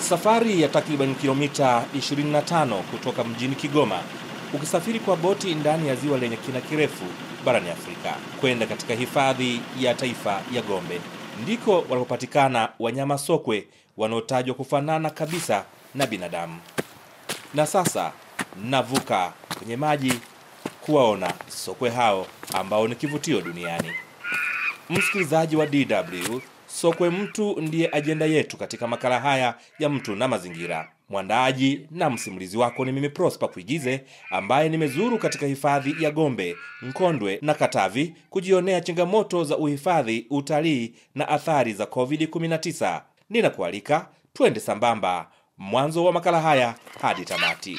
safari ya takriban kilomita 25 kutoka mjini Kigoma ukisafiri kwa boti ndani ya ziwa lenye kina kirefu barani Afrika kwenda katika hifadhi ya taifa ya Gombe ndiko wanapopatikana wanyama sokwe wanaotajwa kufanana kabisa na binadamu. Na sasa navuka kwenye maji kuwaona sokwe hao ambao ni kivutio duniani. Msikilizaji wa DW Sokwe Mtu ndiye ajenda yetu katika makala haya ya Mtu na Mazingira. Mwandaaji na msimulizi wako ni mimi Prosper Kuigize, ambaye nimezuru katika hifadhi ya Gombe, Nkondwe na Katavi kujionea changamoto za uhifadhi, utalii na athari za COVID-19. Ninakualika twende sambamba mwanzo wa makala haya hadi tamati.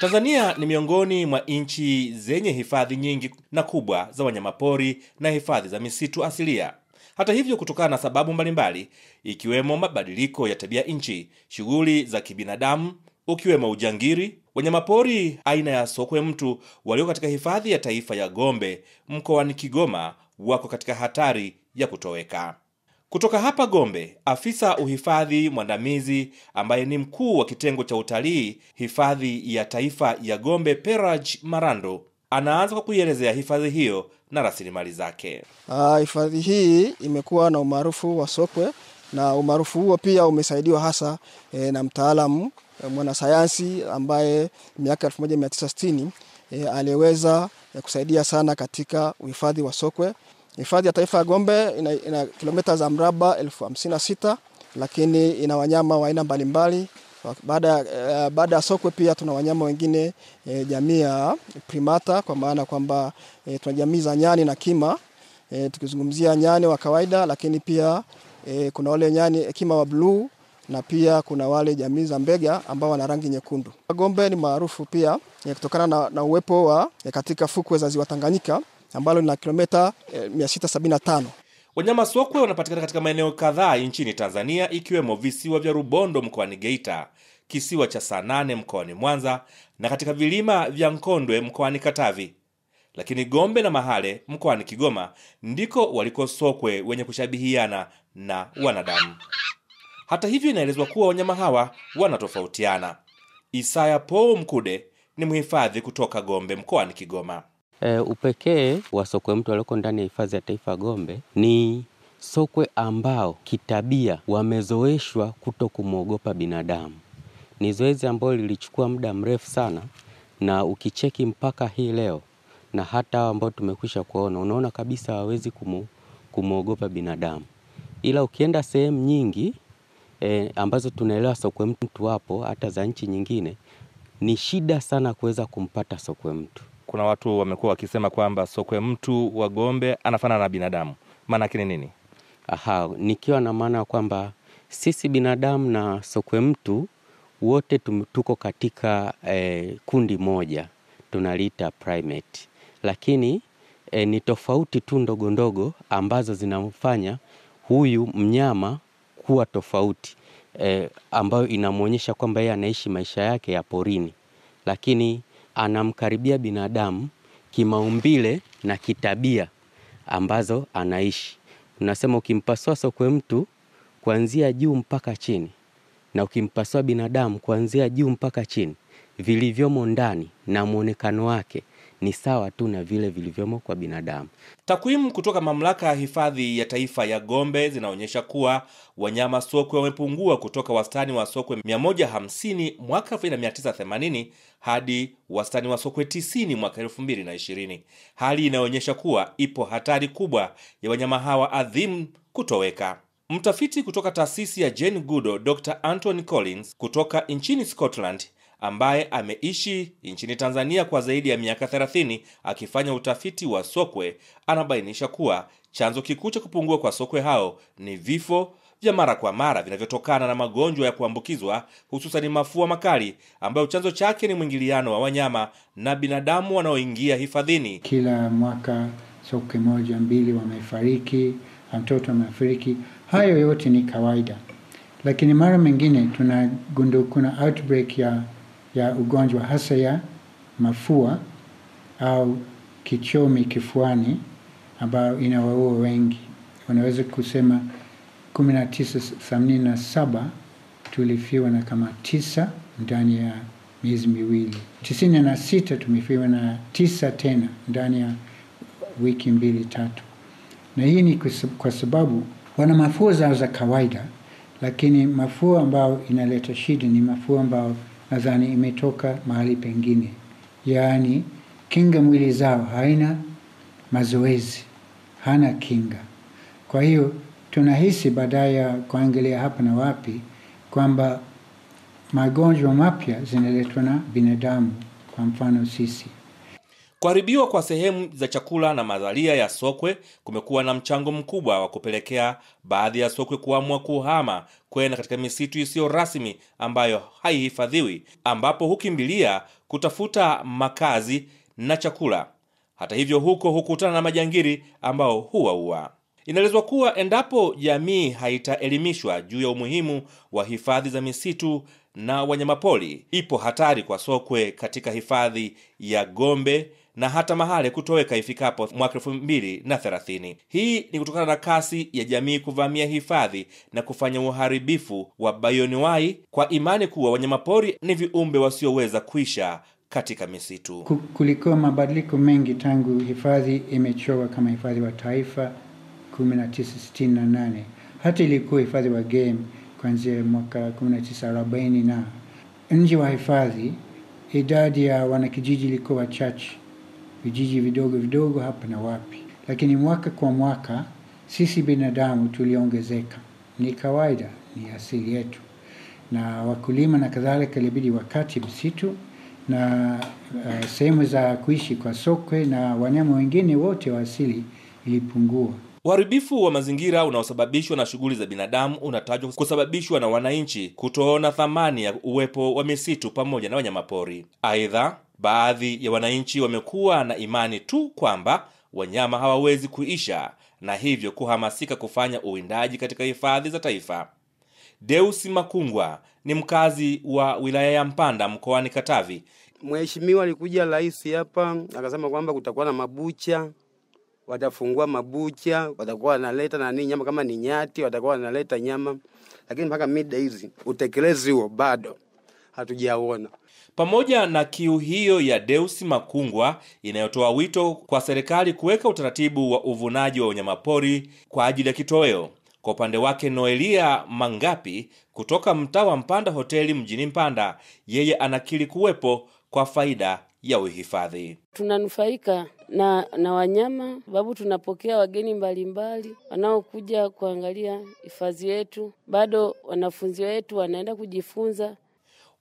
Tanzania ni miongoni mwa nchi zenye hifadhi nyingi na kubwa za wanyamapori na hifadhi za misitu asilia. Hata hivyo, kutokana na sababu mbalimbali ikiwemo mabadiliko ya tabia nchi, shughuli za kibinadamu ukiwemo ujangiri, wanyamapori aina ya sokwe mtu walio katika hifadhi ya taifa ya Gombe mkoani Kigoma wako katika hatari ya kutoweka. Kutoka hapa Gombe, afisa uhifadhi mwandamizi ambaye ni mkuu wa kitengo cha utalii hifadhi ya taifa ya Gombe, Peraj Marando, anaanza kwa kuielezea hifadhi hiyo na rasilimali zake. Ah, hifadhi uh, hii imekuwa na umaarufu wa sokwe na umaarufu huo pia umesaidiwa hasa e, na mtaalamu e, mwanasayansi ambaye miaka 1960 e, eh, aliweza e, kusaidia sana katika uhifadhi wa sokwe. Hifadhi ya Taifa ya Gombe ina, ina kilomita za mraba elfu hamsini na sita lakini ina wanyama wa aina mbalimbali baada uh, baada ya sokwe pia tuna wanyama wengine e, jamii ya primata kwa maana kwamba e, tuna jamii za nyani na kima e, tukizungumzia nyani wa kawaida, lakini pia e, kuna wale nyani kima wa bluu na pia kuna wale jamii za mbega ambao wana rangi nyekundu. Gombe ni maarufu pia e, kutokana na, na uwepo wa e, katika fukwe za Ziwa Tanganyika ambalo lina kilomita e, 675. Wanyama sokwe wanapatikana katika maeneo kadhaa nchini Tanzania ikiwemo visiwa vya Rubondo mkoani Geita, kisiwa cha Sanane mkoani Mwanza na katika vilima vya Nkondwe mkoani Katavi. Lakini Gombe na Mahale mkoani Kigoma ndiko waliko sokwe wenye kushabihiana na wanadamu. Hata hivyo, inaelezwa kuwa wanyama hawa wanatofautiana. Isaya Paul Mkude ni mhifadhi kutoka Gombe mkoani Kigoma. E, upekee wa sokwe mtu walioko ndani ya hifadhi ya taifa Gombe ni sokwe ambao kitabia wamezoeshwa kuto kumwogopa binadamu. Ni zoezi ambalo lilichukua muda mrefu sana, na ukicheki mpaka hii leo na hata hao ambao tumekwisha kuona, unaona kabisa hawawezi kumwogopa binadamu, ila ukienda sehemu nyingi e, ambazo tunaelewa sokwe mtu wapo hata za nchi nyingine, ni shida sana kuweza kumpata sokwe mtu kuna watu wamekuwa wakisema kwamba sokwe mtu wa Gombe anafanana na binadamu, maana yake ni nini? Aha, nikiwa na maana ya kwamba sisi binadamu na sokwe mtu wote tuko katika eh, kundi moja tunaliita primate, lakini eh, ni tofauti tu ndogo ndogo ambazo zinamfanya huyu mnyama kuwa tofauti eh, ambayo inamwonyesha kwamba yeye anaishi maisha yake ya porini, lakini anamkaribia binadamu kimaumbile na kitabia ambazo anaishi. unasema ukimpasua sokwe mtu kuanzia juu mpaka chini na ukimpasua binadamu kuanzia juu mpaka chini, vilivyomo ndani na mwonekano wake ni sawa tu na vile vilivyomo kwa binadamu. Takwimu kutoka Mamlaka ya Hifadhi ya Taifa ya Gombe zinaonyesha kuwa wanyama sokwe wamepungua kutoka wastani wa sokwe 150 mwaka 1980 hadi wastani wa sokwe 90 mwaka 2020, hali inayoonyesha kuwa ipo hatari kubwa ya wanyama hawa adhimu kutoweka. Mtafiti kutoka taasisi ya Jane Goodall Dr Anthony Collins kutoka nchini Scotland ambaye ameishi nchini Tanzania kwa zaidi ya miaka 30 akifanya utafiti wa sokwe, anabainisha kuwa chanzo kikuu cha kupungua kwa sokwe hao ni vifo vya mara kwa mara vinavyotokana na magonjwa ya kuambukizwa hususani mafua makali ambayo chanzo chake ni mwingiliano wa wanyama na binadamu wanaoingia hifadhini. Kila mwaka sokwe moja mbili wamefariki, mtoto amefariki. Hayo yote ni kawaida, lakini mara mengine tunagundua kuna outbreak ya ya ugonjwa hasa ya mafua au kichomi kifuani ambayo inawaua wengi. Wanaweza kusema 1987 tulifiwa na kama tisa ndani ya miezi miwili, tisini na sita tumefiwa na tisa tena ndani ya wiki mbili tatu, na hii ni kwa sababu wana mafua zao za kawaida, lakini mafua ambayo inaleta shida ni mafua ambayo nadhani imetoka mahali pengine, yaani kinga mwili zao haina mazoezi, hana kinga. Kwa hiyo tunahisi baadaye ya kuangalia hapa na wapi kwamba magonjwa mapya zinaletwa na binadamu, kwa mfano sisi. Kuharibiwa kwa sehemu za chakula na mazalia ya sokwe kumekuwa na mchango mkubwa wa kupelekea baadhi ya sokwe kuamua kuhama kwenda katika misitu isiyo rasmi ambayo haihifadhiwi, ambapo hukimbilia kutafuta makazi na chakula. Hata hivyo, huko hukutana na majangiri ambao huwaua. Inaelezwa kuwa endapo jamii haitaelimishwa juu ya umuhimu wa hifadhi za misitu na wanyamapoli ipo hatari kwa sokwe katika hifadhi ya Gombe na hata mahali kutoweka ifikapo mwaka elfu mbili na thelathini. Hii ni kutokana na kasi ya jamii kuvamia hifadhi na kufanya uharibifu wa bayoniwai kwa imani kuwa wanyamapori ni viumbe wasioweza kuisha katika misitu. Kulikuwa mabadiliko mengi tangu hifadhi imechowa kama hifadhi wa taifa 1968 hata ilikuwa hifadhi wa game kuanzia mwaka 1940 na nje wa hifadhi idadi ya wanakijiji ilikuwa wachache vijiji vidogo vidogo hapa na wapi, lakini mwaka kwa mwaka sisi binadamu tuliongezeka. Ni kawaida, ni asili yetu, na wakulima na kadhalika ilibidi wakati msitu na uh, sehemu za kuishi kwa sokwe na wanyama wengine wote wa asili ilipungua. Uharibifu wa mazingira unaosababishwa na shughuli za binadamu unatajwa kusababishwa na wananchi kutoona thamani ya uwepo wa misitu pamoja na wanyamapori. Aidha, baadhi ya wananchi wamekuwa na imani tu kwamba wanyama hawawezi kuisha na hivyo kuhamasika kufanya uwindaji katika hifadhi za taifa. Deus Makungwa ni mkazi wa wilaya ya Mpanda mkoani Katavi. Mheshimiwa alikuja rahisi hapa akasema kwamba kutakuwa na mabucha, watafungua mabucha, watakuwa wanaleta nanii nyama, kama ni nyati watakuwa wanaleta nyama, lakini mpaka mida hizi utekelezi huo bado hatujauona. Pamoja na kiu hiyo ya Deusi Makungwa inayotoa wito kwa serikali kuweka utaratibu wa uvunaji wa wanyamapori kwa ajili ya kitoweo. Kwa upande wake Noelia Mangapi kutoka mtaa wa Mpanda hoteli mjini Mpanda, yeye anakiri kuwepo kwa faida ya uhifadhi. Tunanufaika na na wanyama sababu tunapokea wageni mbalimbali wanaokuja kuangalia hifadhi yetu. Bado wanafunzi wetu wanaenda kujifunza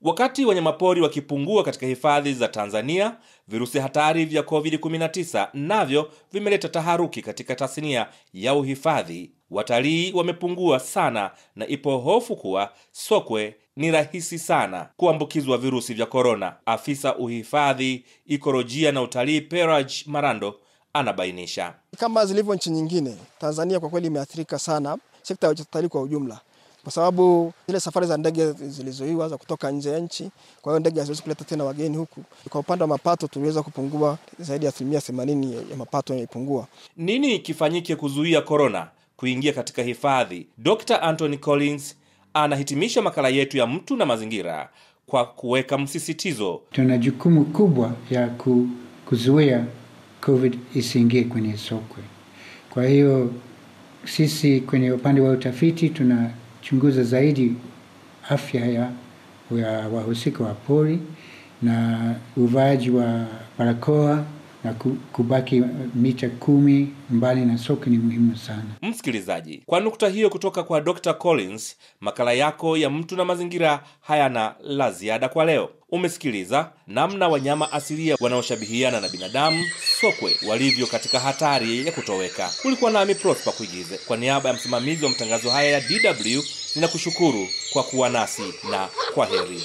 Wakati wanyamapori wakipungua katika hifadhi za Tanzania, virusi hatari vya COVID-19 navyo vimeleta taharuki katika tasnia ya uhifadhi. Watalii wamepungua sana na ipo hofu kuwa sokwe ni rahisi sana kuambukizwa virusi vya korona. Afisa uhifadhi, ikolojia na utalii Peraj Marando anabainisha. Kama zilivyo nchi nyingine, Tanzania kwa kweli imeathirika sana sekta ya utalii kwa ujumla kwa sababu zile safari za ndege zilizuiwa za kutoka nje ya nchi. Kwa hiyo ndege haziwezi kuleta tena wageni huku. Kwa upande wa mapato tuliweza kupungua zaidi ya asilimia themanini ya mapato yamepungua. Nini kifanyike kuzuia korona kuingia katika hifadhi? Dr Anthony Collins anahitimisha makala yetu ya mtu na mazingira kwa kuweka msisitizo, tuna jukumu kubwa ya kuzuia COVID isiingie kwenye sokwe. Kwa hiyo sisi kwenye upande wa utafiti tuna kuchunguza zaidi afya ya, ya wahusika wa pori na uvaaji wa barakoa na kubaki mita kumi mbali na soko ni muhimu sana. Msikilizaji, kwa nukta hiyo kutoka kwa Dr. Collins, makala yako ya mtu na mazingira hayana la ziada kwa leo. Umesikiliza namna wanyama asilia wanaoshabihiana na binadamu sokwe walivyo katika hatari ya kutoweka. Ulikuwa nami Prosper Kuigize, kwa niaba ya msimamizi wa matangazo haya ya DW ninakushukuru kwa kuwa nasi na kwa heri.